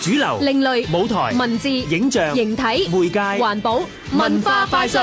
主流、另類舞台、文字、影像、形體、媒介、環保、文化快訊。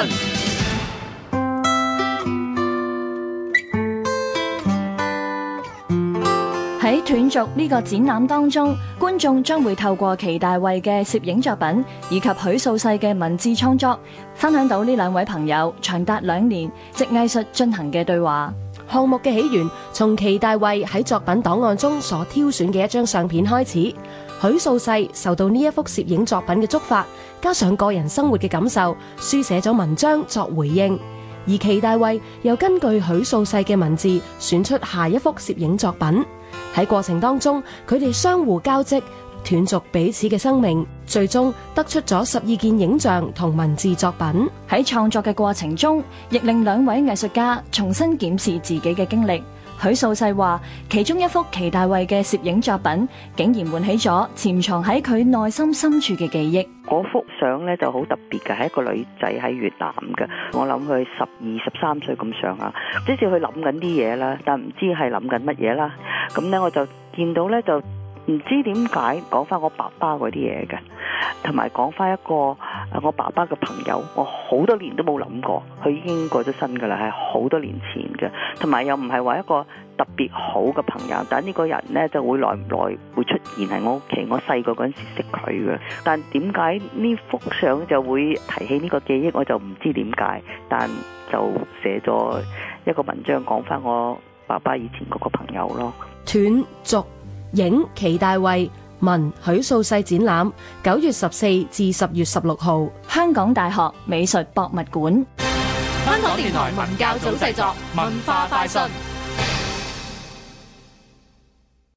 喺斷續呢個展覽當中，觀眾將會透過祁大衛嘅攝影作品以及許素世嘅文字創作，分享到呢兩位朋友長達兩年藉藝術進行嘅對話。項目嘅起源從祁大衛喺作品檔案中所挑選嘅一張相片開始。許素世受到呢一幅攝影作品嘅觸發，加上個人生活嘅感受，書寫咗文章作回應。而祁大衛又根據許素世嘅文字，選出下一幅攝影作品。喺過程當中，佢哋相互交織，斷續彼此嘅生命，最終得出咗十二件影像同文字作品。喺創作嘅過程中，亦令兩位藝術家重新檢視自己嘅經歷。許素世話，其中一幅祁大衛嘅攝影作品，竟然喚起咗潛藏喺佢內心深處嘅記憶。嗰幅相咧就好特別嘅，係一個女仔喺越南嘅，我諗佢十二十三歲咁上下，即是佢諗緊啲嘢啦，但唔知係諗緊乜嘢啦。咁咧我就見到咧就唔知點解講翻我爸爸嗰啲嘢嘅，同埋講翻一個。我爸爸嘅朋友，我好多年都冇諗過，佢已經過咗身噶啦，係好多年前嘅，同埋又唔係話一個特別好嘅朋友，但呢個人咧就會耐唔耐會出現喺我屋企，我細個嗰陣時識佢嘅，但點解呢幅相就會提起呢個記憶，我就唔知點解，但就寫咗一個文章講翻我爸爸以前嗰個朋友咯，斷續影奇，其大衛。文許素世展覽，九月十四至十月十六號，香港大學美術博物館。香港電台文教組製作，文化快訊。